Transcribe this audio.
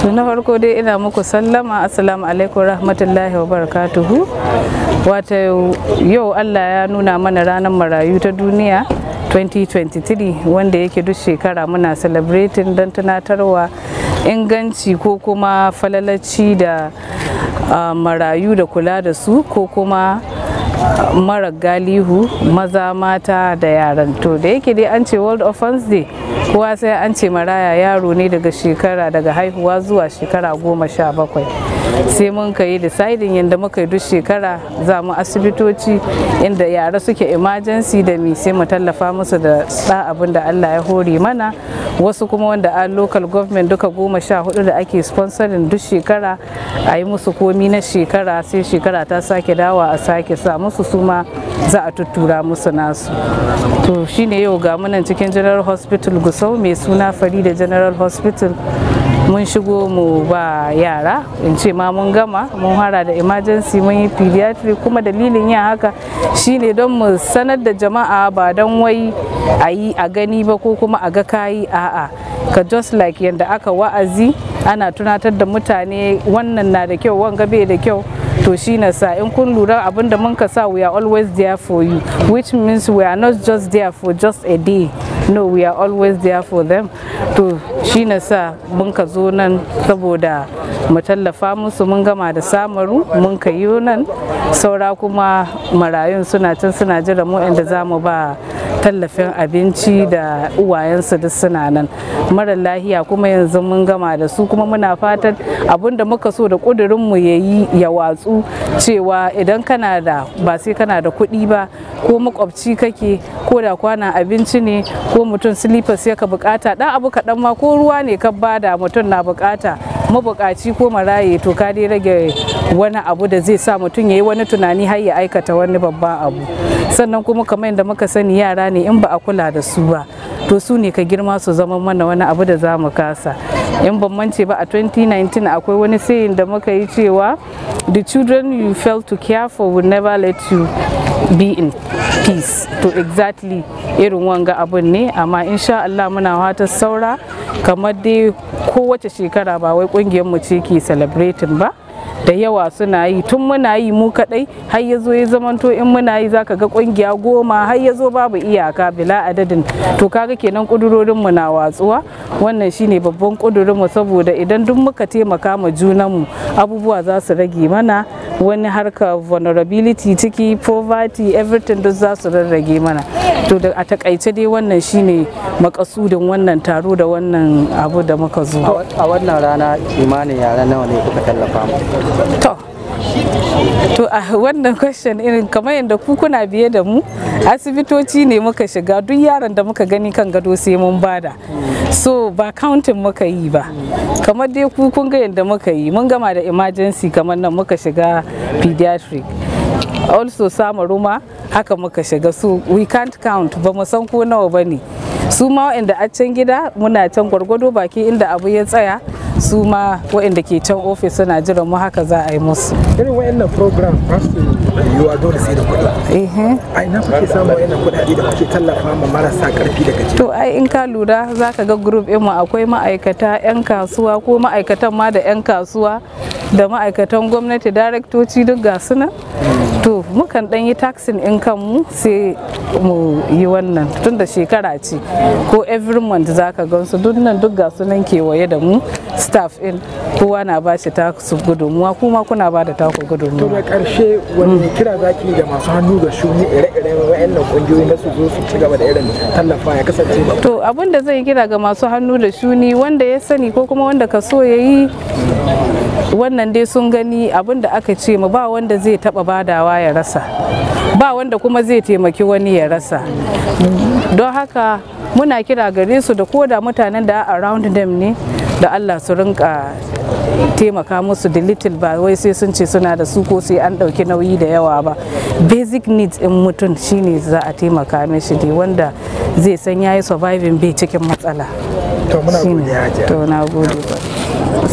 Tuna farko dai ina muku sallama assalamu alaikum rahmatullahi wa barakatuhu wata yau allah ya nuna mana ranar marayu ta duniya 2023 wanda yake duk shekara muna celebrating don tunatarwa inganci ko kuma falalaci da ah, marayu da kula da su ko kuma mara galihu maza mata da yaran to da yake dai an ce world orphans day kowa sai an ce maraya yaro ne daga shekara daga haihuwa zuwa shekara goma sha bakwai sai mun ka yi deciding yadda muka yi duk shekara za mu asibitoci inda yara suke emergency da mi sai mu tallafa musu da da abin da Allah ya hori mana wasu kuma wanda a local government duka goma sha hudu da ake sponsoring duk shekara a yi musu komi na shekara sai shekara ta sake dawa a sake sa musu suma za a tuttura musu nasu to shine yau ga munan cikin general hospital gusau mai suna farida general hospital mun shigo mu ba yara in ce ma mun gama mun hara da emergency mun yi pediatric kuma dalilin yin haka shine don mu sanar da jama'a ba don wai a yi a gani ba ko kuma a ga kayi a'a ka just like yadda aka wa'azi ana tunatar da mutane wannan na da kyau wanga bai da kyau to shi na sa in kun lura abin da mun ka sa we are always there for you which means we are not just there for just a day no we are always there for them to shi na sa mun ka zo nan saboda mu tallafa musu mun gama da samaru mun ka yi nan saura kuma marayun suna can suna jira mu inda za mu ba tallafin abinci da uwayensu duk suna nan mara lahiya kuma yanzu mun gama da su kuma muna fatan abin da muka so da ƙudurinmu ya yi ya watsu cewa idan kana da ba sai kana da kuɗi ba ko makwabci kake ko da kwana abinci ne ko mutum silipas ya ka bukata ɗan abu kaɗan ma ko ruwa ne ka bada mutum na bukata mabukaci ko maraye to ka dai rage wani abu da zai sa mutum ya yi wani tunani har ya aikata wani babban abu sannan kuma kamar yadda muka sani yara ne in ba a kula da su ba to su ne ka girma su zama mana wani abu da za mu kasa in ban mance ba a 2019 akwai wani sayin da muka yi cewa the children you fail to care for will never let you be in peace to exactly irin wanga abun ne amma insha Allah muna wata saura kamar dai kowace shekara ba wai kungiyar mu ce ke celebrating ba da yawa suna yi tun muna yi mu kadai har ya zo ya zamanto in muna yi zaka ga kungiya goma har ya zo babu iyaka bila adadin to kaga kenan kudurorin mu na watsuwa wannan shine babban kudurin mu saboda idan duk muka taimaka ma junan mu abubuwa za su rage mana wani harka vulnerability ciki poverty everything duk za su rarrage mana to da a takaice dai wannan shine makasudin wannan taro da wannan abu da muka zo a wannan rana kimanin yara nawa ne kuka tallafa mu To a ah, wannan question irin kamar yadda ku kuna biye da mu asibitoci ne muka shiga duk yaron da muka gani kan gado sai mun bada. So ba counting muka yi ba. Kamar dai ku kun ga yadda muka yi mun gama da emergency kamar nan muka shiga pediatric. Also sama ruma haka muka shiga so we can't count ba mu san ko nawa bane. Su ma waɗanda a can gida muna can gwargwado baki inda abu ya tsaya su ma waɗanda ke can ofis suna jiran mu haka za a yi musu irin waɗannan program ba su yiwuwa dole sai da kuɗi ai na kuke samun waɗannan kuɗaɗe da kuke tallafa ma marasa ƙarfi daga gajiya to ai in ka lura za ka ga group ɗin mu akwai ma'aikata 'yan kasuwa ko ma'aikatan ma da 'yan kasuwa da ma'aikatan gwamnati daraktoci duk ga nan to mukan dan yi taxin in kanmu sai mu yi wannan tun da shekara ce ko every month ka gansu duk nan duk ga kewaye da mu staff in kowa na ba shi gudu muwa kuma kuna ba da taku gudunmuwa to da karshe wani mm. kira zaki da masu hannu ga shuni ire-iren wayannan kungiyoyi na su zo su ci gaba da irin tallafa ya kasance ba to abin da zai kira ga masu hannu da shuni wanda ya sani ko kuma wanda ka so ya yi wannan dai sun gani abin da aka ce mu ba wanda zai taba badawa ya rasa ba wanda kuma zai taimaki wani ya rasa don haka muna kira gare su da koda mutanen da around them ne da allah su rinka taimaka musu da little ba wai sai sun ce suna da su ko sai an ɗauki nauyi da yawa ba basic needs in mutum shine za a taimaka mishi dai wanda zai san yayi surviving bai cikin matsala to muna gode to gode